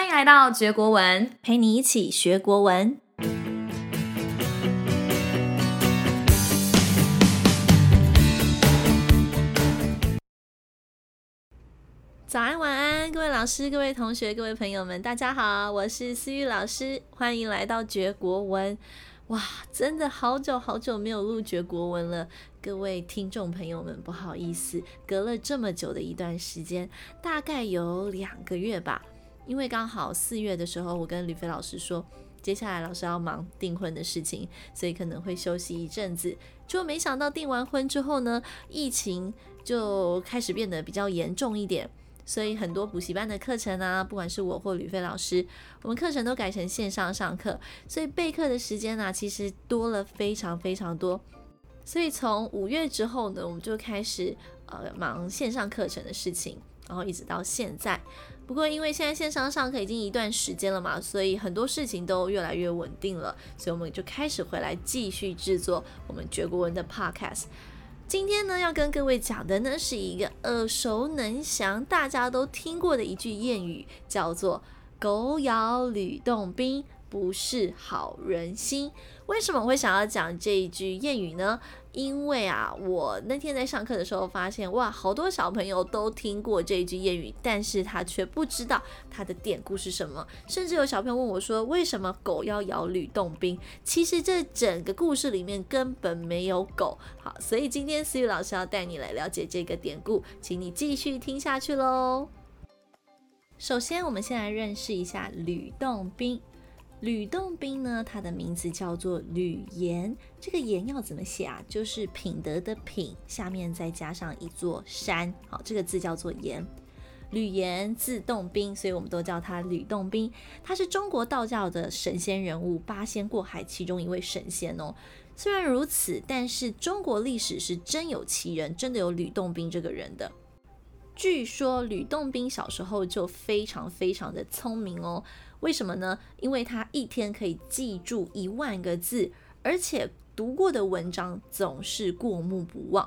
歡迎來到絕國文，陪你一起學國文。早安晚安，各位老師、各位同學、各位朋友們，大家好，我是思玉老師，歡迎來到絕國文。哇，真的好久好久沒有錄絕國文了，各位聽眾朋友們，不好意思，隔了這麼久的一段時間，大概有兩個月吧。因為剛好四月的時候，我跟呂飛老師說，接下來老師要忙訂婚的事情，所以可能會休息一陣子。結果沒想到訂完婚之後呢，疫情就開始變得比較嚴重一點，所以很多補習班的課程啊，不管是我或呂飛老師，我們課程都改成線上上課，所以備課的時間呢、啊，其實多了非常非常多。所以從五月之後呢，我們就開始呃忙線上課程的事情，然後一直到現在。不過，因為現在線上上課已經一段時間了嘛，所以很多事情都越來越穩定了，所以我們就開始回來繼續製作我們絕國文的 podcast。今天呢，要跟各位講的呢是一個耳熟能詳、大家都聽過的一句諺語，叫做“狗咬呂洞賓，不識好人心”。為什麼我會想要講這一句諺語呢？因為啊，我那天在上課的時候發現，哇，好多小朋友都聽過這句諺語，但是他卻不知道它的典故是什麼。甚至有小朋友問我，說為什麼狗要咬呂洞賓？其實這整個故事裡面根本沒有狗。好，所以今天思雨老師要帶你來了解這個典故，請你繼續聽下去嘍。首先，我們先來認識一下呂洞賓。呂洞賓呢，他的名字叫做呂岩。這個岩要怎麼寫啊？就是品德的品，下面再加上一座山，好，這個字叫做岩。呂岩字洞賓，所以我們都叫他呂洞賓。他是中國道教的神仙人物，八仙過海其中一位神仙哦。雖然如此，但是中國歷史是真有其人，真的有呂洞賓這個人的。據說呂洞賓小時候就非常非常的聰明哦，為什麼呢？因為他一天可以記住一萬個字，而且讀過的文章總是過目不忘。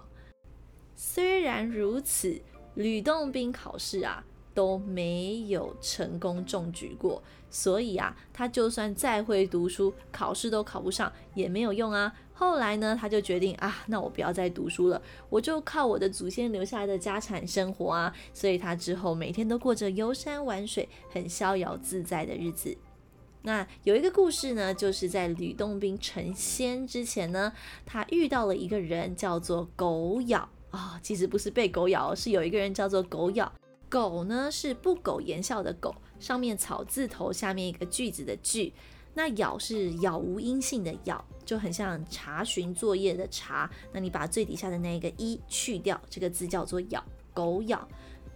雖然如此，呂洞賓考試啊。都沒有成功中舉過，所以啊，他就算再會讀書，考試都考不上，也沒有用啊。後來呢，他就決定啊，那我不要再讀書了，我就靠我的祖先留下來的家產生活啊。所以他之後每天都過着遊山玩水、很逍遙自在的日子。那有一個故事呢，就是在呂洞賓成仙之前呢，他遇到了一個人叫做苟杳啊、哦，其實不是被狗咬，是有一個人叫做苟杳。苟呢是不苟言笑的苟，上面草字頭，下面一個句子的句。那杳是杳無音信的杳，就很像查詢作業的查。那你把最底下的那個一去掉，這個字叫做杳。苟杳，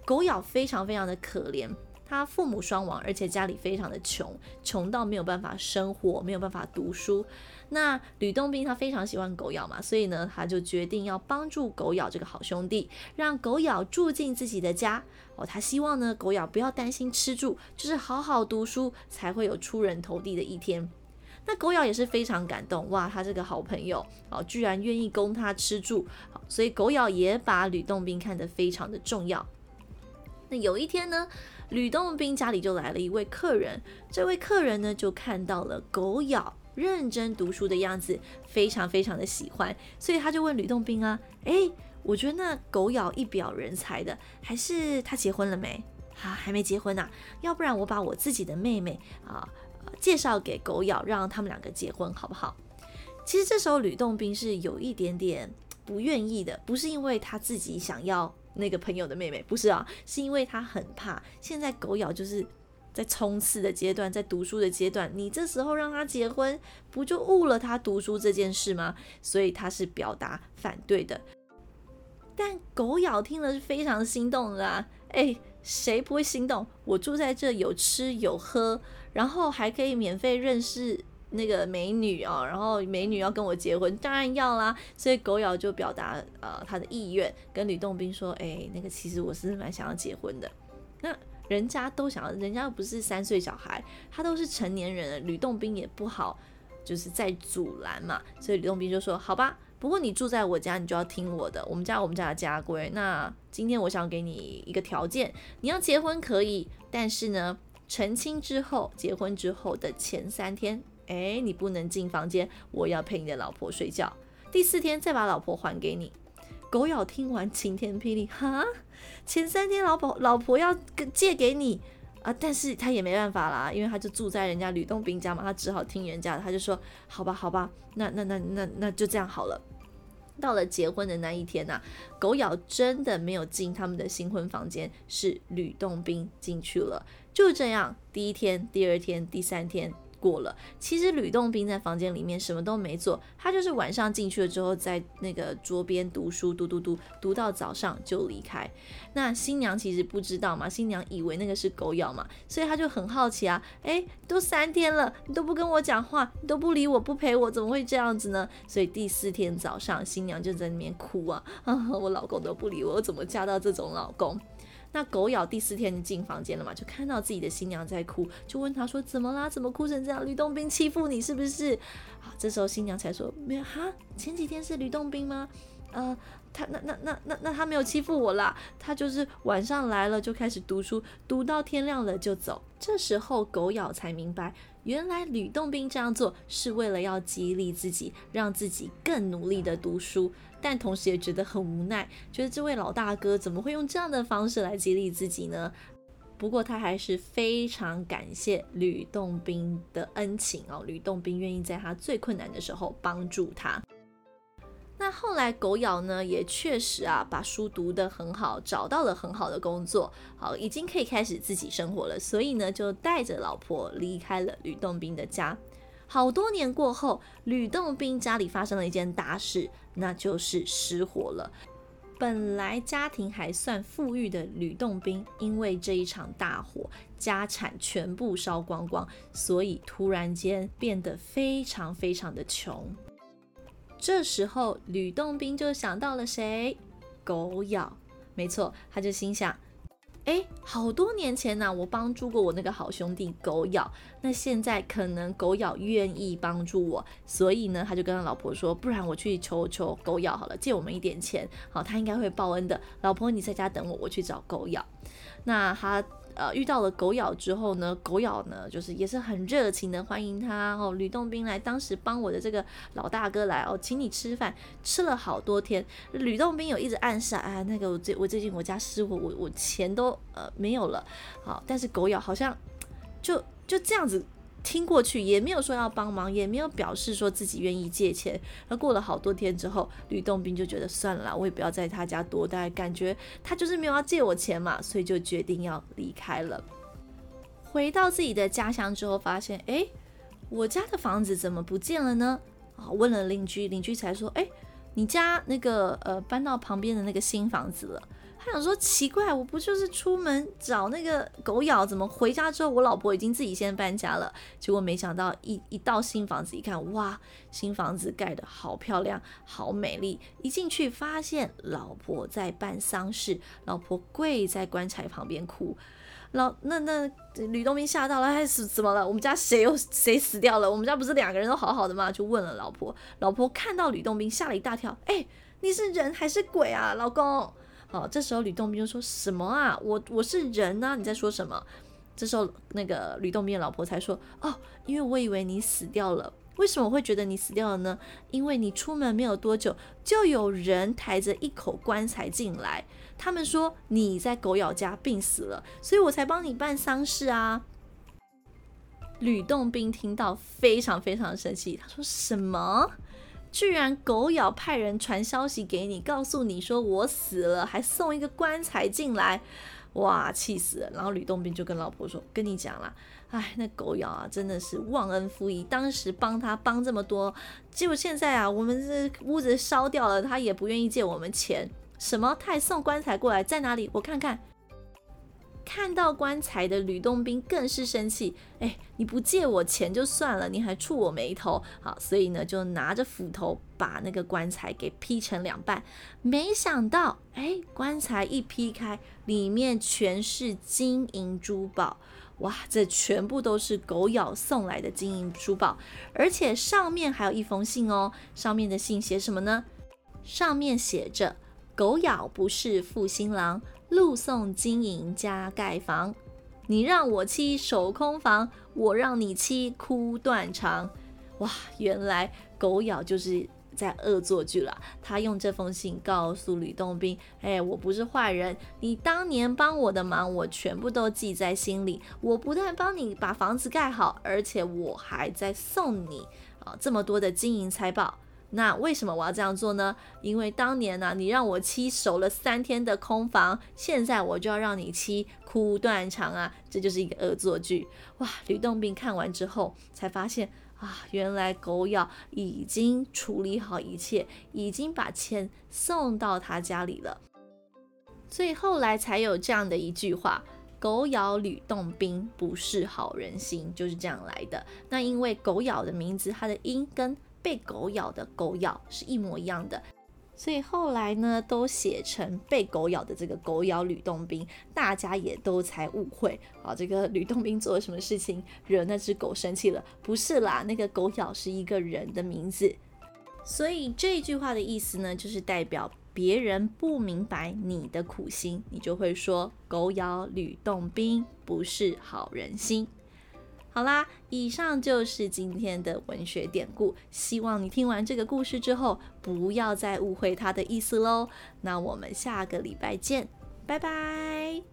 苟杳非常非常的可憐。他父母雙亡，而且家裡非常的窮，窮到沒有辦法生活，沒有辦法讀書。那呂洞賓他非常喜歡苟杳嘛，所以呢，他就決定要幫助苟杳這個好兄弟，讓苟杳住進自己的家。哦，他希望呢，苟杳不要擔心吃住，就是好好讀書，才會有出人頭地的一天。那苟杳也是非常感動，哇，他這個好朋友哦，居然願意供他吃住，好，所以苟杳也把呂洞賓看得非常的重要。那有一天呢，呂洞賓家裡就來了一位客人。這位客人呢，就看到了苟杳認真讀書的樣子，非常非常的喜歡，所以他就問呂洞賓啊：“哎、欸，我覺得那苟杳一表人才的，還是他結婚了沒？啊，還沒結婚呢、啊。要不然我把我自己的妹妹啊，啊，介紹給苟杳，讓他們兩個結婚好不好？”其實這時候呂洞賓是有一點點不願意的，不是因為他自己想要。那個朋友的妹妹不是啊、哦，是因為他很怕。現在苟杳就是在衝刺的階段，在讀書的階段，你這時候讓他結婚，不就誤了他讀書這件事嗎？所以他是表達反對的。但苟杳聽了是非常心動的、啊，哎，誰不會心動？我住在這有吃有喝，然後還可以免費認識。那個美女啊、喔，然後美女要跟我結婚，當然要啦。所以苟杳就表達呃他的意願，跟呂洞賓說：“哎、欸，那個其實我是蠻想要結婚的。”那人家都想要，人家又不是三歲小孩，他都是成年人。呂洞賓也不好就是在阻攔嘛，所以呂洞賓就說：“好吧，不過你住在我家，你就要聽我的，我們家我們家的家規。那今天我想給你一個條件，你要結婚可以，但是呢，成親之後，結婚之後的前三天。”哎，你不能進房間，我要陪你的老婆睡覺。第四天再把老婆還給你。苟杳聽完晴天霹靂，哈！前三天老婆老婆要借給你啊，但是他也沒辦法啦，因為他就住在人家呂洞賓家嘛，他只好聽人家的，他就說好吧好吧，那那那那那就這樣好了。到了結婚的那一天吶、啊，苟杳真的沒有進他們的新婚房間，是呂洞賓進去了。就這樣，第一天、第二天、第三天。過了，其實呂洞賓在房間裡面什麼都沒做，他就是晚上進去了之後，在那個桌邊讀書，讀讀讀，讀到早上就離開。那新娘其實不知道嘛，新娘以為那個是苟杳嘛，所以她就很好奇啊，哎，都三天了，你都不跟我講話，你都不理我，不陪我，怎麼會這樣子呢？所以第四天早上，新娘就在那邊哭啊，啊，我老公都不理我，我怎麼嫁到這種老公？那苟杳第四天進房間了嘛，就看到自己的新娘在哭，就問她說：“怎麼啦？怎麼哭成這樣？呂洞賓欺負你是不是？”好、啊，這時候新娘才說：“沒有哈，前幾天是呂洞賓嗎？”呃。他那、那、那、那、那、他沒有欺負我啦，他就是晚上來了就開始讀書，讀到天亮了就走。這時候苟杳才明白，原來呂洞賓這樣做是為了要激勵自己，讓自己更努力的讀書，但同時也覺得很無奈，覺得這位老大哥怎麼會用這樣的方式來激勵自己呢？不過他還是非常感謝呂洞賓的恩情哦，呂洞賓願意在他最困難的時候幫助他。那後來，苟杳呢，也確實啊，把書讀得很好，找到了很好的工作，好，已經可以開始自己生活了。所以呢，就帶着老婆離開了呂洞賓的家。好多年過後，呂洞賓家裡發生了一件大事，那就是失火了。本來家庭還算富裕的呂洞賓，因為這一場大火，家產全部燒光光，所以突然間變得非常非常的窮。這時候，呂洞賓就想到了誰？苟杳，沒錯，他就心想：哎，好多年前呢、啊，我幫助過我那個好兄弟苟杳，那現在可能苟杳願意幫助我，所以呢，他就跟他老婆說：不然我去求求苟杳好了，借我們一點錢，好，他應該會報恩的。老婆，你在家等我，我去找苟杳。那他。呃，遇到了苟杳之後呢？苟杳呢，就是也是很熱情的歡迎他哦，呂、呃、洞賓來，當時幫我的這個老大哥來哦、呃，請你吃飯，吃了好多天。呂洞賓有一直暗示啊，那個我最我最近我家失火，我我錢都呃沒有了，好、呃，但是苟杳好像就就這樣子。聽過去也沒有說要幫忙，也沒有表示說自己願意借錢。而過了好多天之後，呂洞賓就覺得算了，我也不要在他家多待，感覺他就是沒有要借我錢嘛，所以就決定要離開了。回到自己的家鄉之後，發現哎，我家的房子怎麼不見了呢？啊，問了鄰居，鄰居才說，哎，你家那個呃搬到旁邊的那個新房子了。他想說奇怪，我不就是出門找那個狗咬，怎麼回家之後我老婆已經自己先搬家了？結果沒想到一一到新房子一看，哇，新房子蓋得好漂亮，好美麗。一進去發現老婆在辦喪事，老婆跪在棺材旁邊哭。老那那呂洞賓嚇到了，哎，是怎麼了？我們家誰又誰死掉了？我們家不是兩個人都好好的嗎？就問了老婆，老婆看到呂洞賓嚇了一大跳，哎、欸，你是人還是鬼啊，老公？好、哦，這時候呂洞賓就說什麼啊？我我是人啊，你在說什麼？這時候那個呂洞賓的老婆才說哦，因為我以為你死掉了。為什麼會覺得你死掉了呢？因為你出門沒有多久，就有人抬着一口棺材進來。他們說你在苟杳家病死了，所以我才幫你辦喪事啊。呂洞賓聽到非常非常生氣，他說什麼？居然苟杳派人傳消息給你，告訴你說我死了，還送一個棺材進來，哇，氣死了！然後呂洞賓就跟老婆說：“跟你講啦，哎，那苟杳啊，真的是忘恩負義。當時幫他幫這麼多，結果現在啊，我們這屋子燒掉了，他也不願意借我們錢。什麼？他還送棺材過來，在哪裡？我看看。”看到棺材的呂洞賓更是生氣，哎，你不借我錢就算了，你還觸我霉頭，好，所以呢就拿着斧頭把那個棺材給劈成兩半，沒想到，哎，棺材一劈開，裡面全是金銀珠寶，哇，這全部都是苟杳送來的金銀珠寶，而且上面還有一封信哦，上面的信寫什麼呢？上面寫着。狗咬不是負心郎，路送金銀家蓋房。你讓我妻守空房，我讓你妻哭斷腸。哇，原來狗咬就是在惡作劇了。他用這封信告訴呂洞賓：“哎，我不是壞人，你當年幫我的忙，我全部都記在心裡。我不但幫你把房子蓋好，而且我還在送你啊、哦、這麼多的金銀財寶。”那為什麼我要這樣做呢？因為當年呢、啊，你讓我妻守了三天的空房，現在我就要讓你妻哭斷腸啊！這就是一個惡作劇哇！呂洞賓看完之後才發現啊，原來苟杳已經處理好一切，已經把錢送到他家裡了，所以後來才有這樣的一句話：“狗咬呂洞賓，不是好人心”，就是這樣來的。那因為“苟杳”的名字，它的音跟。被狗咬的狗咬是一模一樣的，所以後來呢都寫成被狗咬的這個狗咬呂洞賓，大家也都才誤會啊。這個呂洞賓做了什麼事情惹那隻狗生氣了？不是啦，那個苟杳是一個人的名字。所以這句話的意思呢，就是代表別人不明白你的苦心，你就會說狗咬呂洞賓不是好人心。好啦，以上就是今天的文學典故。希望你聽完這個故事之後，不要再誤會它的意思嘍。那我們下個禮拜見，拜拜。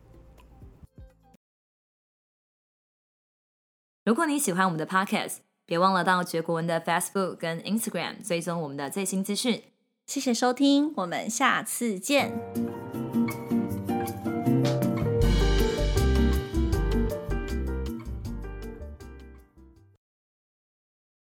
如果你喜歡我們的 podcast，別忘了到覺國文的 Facebook 跟 Instagram 追蹤我們的最新資訊。謝謝收聽，我們下次見。